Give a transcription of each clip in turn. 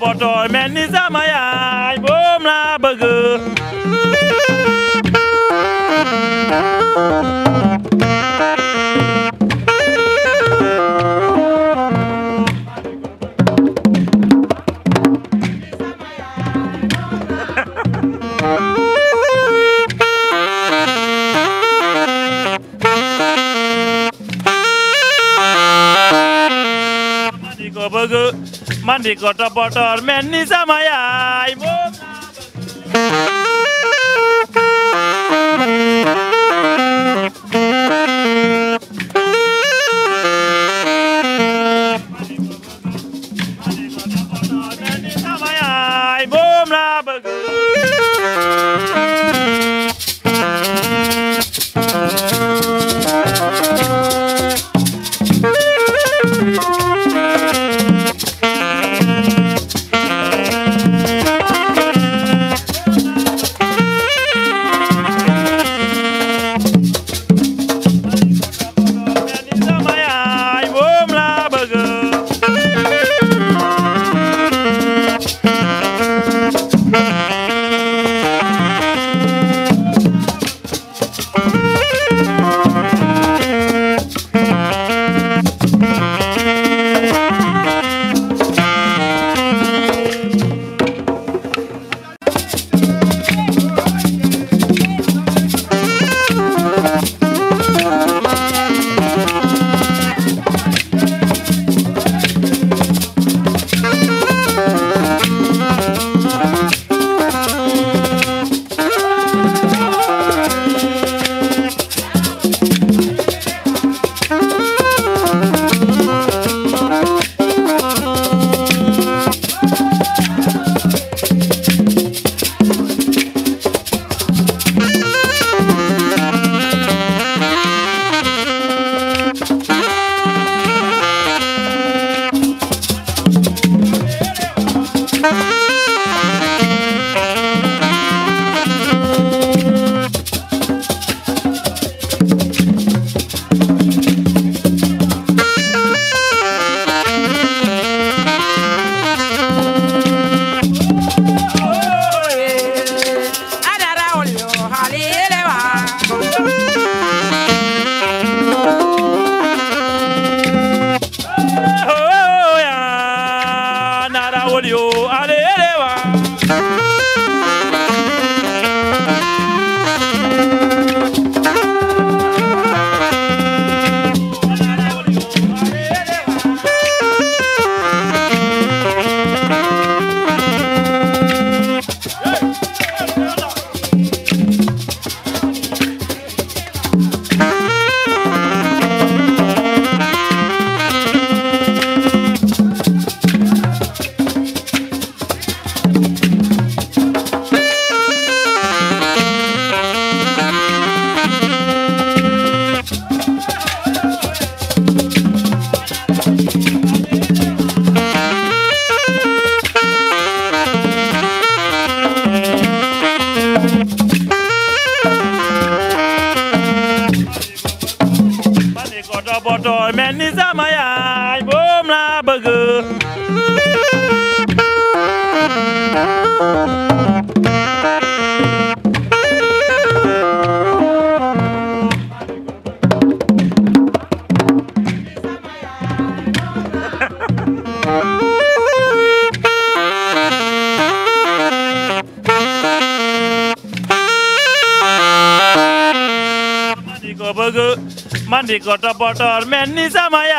but I mean? बगु मन्डी टपटर मेन्नी समय आइमो मन्डीकोट बटर मेन्नी समय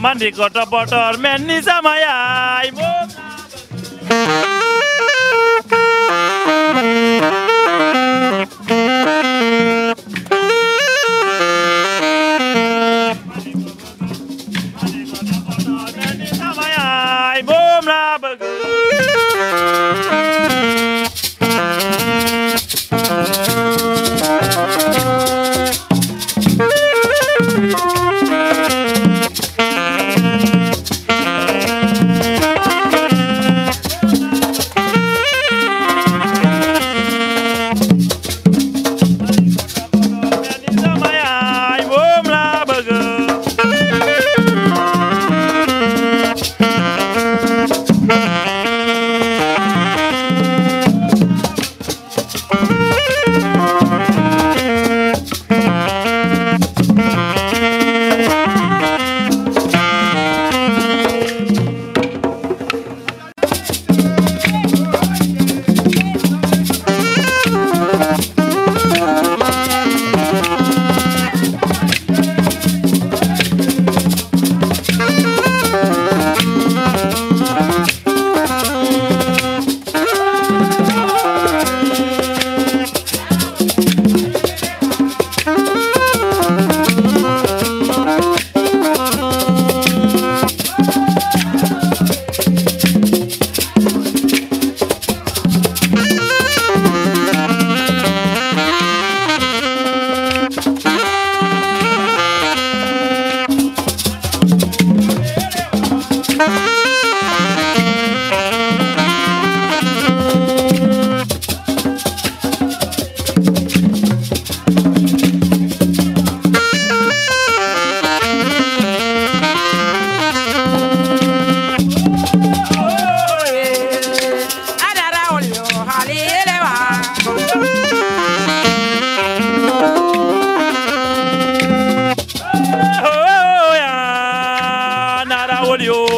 mandi koto botol men ni sama yaay yo.